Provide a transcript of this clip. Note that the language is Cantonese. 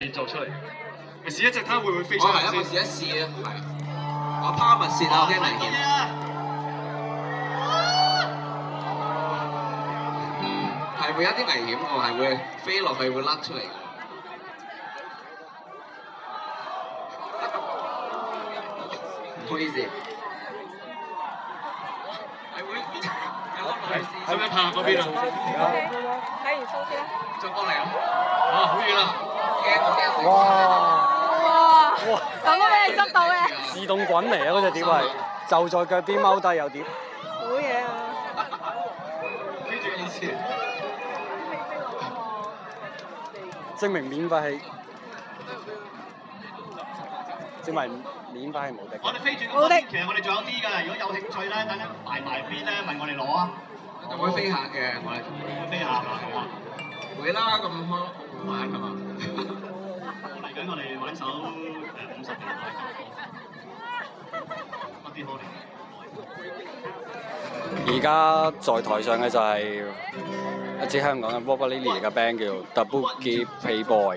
你做出嚟，咪試一試睇會唔會飛出嚟？我係一個試一試，係啊，我拋物線啊，有啲危險，係會有啲危險，我係會飛落去，會甩出嚟嘅。好 easy，喺咪拍嗰邊啊？好嘢！再過嚟啊！啊，好遠啦！哇哇哇！咁都俾你執到嘅！自動滾嚟啊，嗰隻碟係就在腳邊踎低又跌。好嘢啊！飛住以前，證明免費係，證明免費係無敵。好的，其實我哋仲有啲噶，如果有興趣咧，等等埋埋邊咧，問我哋攞啊！有冇得飛下嘅？我嚟飛下下嘅，會啦，咁好玩係嘛？嚟緊我哋玩一首五十年代嘅歌曲。而家在台上嘅就係一支香港嘅《Rockabilly》嘅 band 叫《The Boogie Playboy》。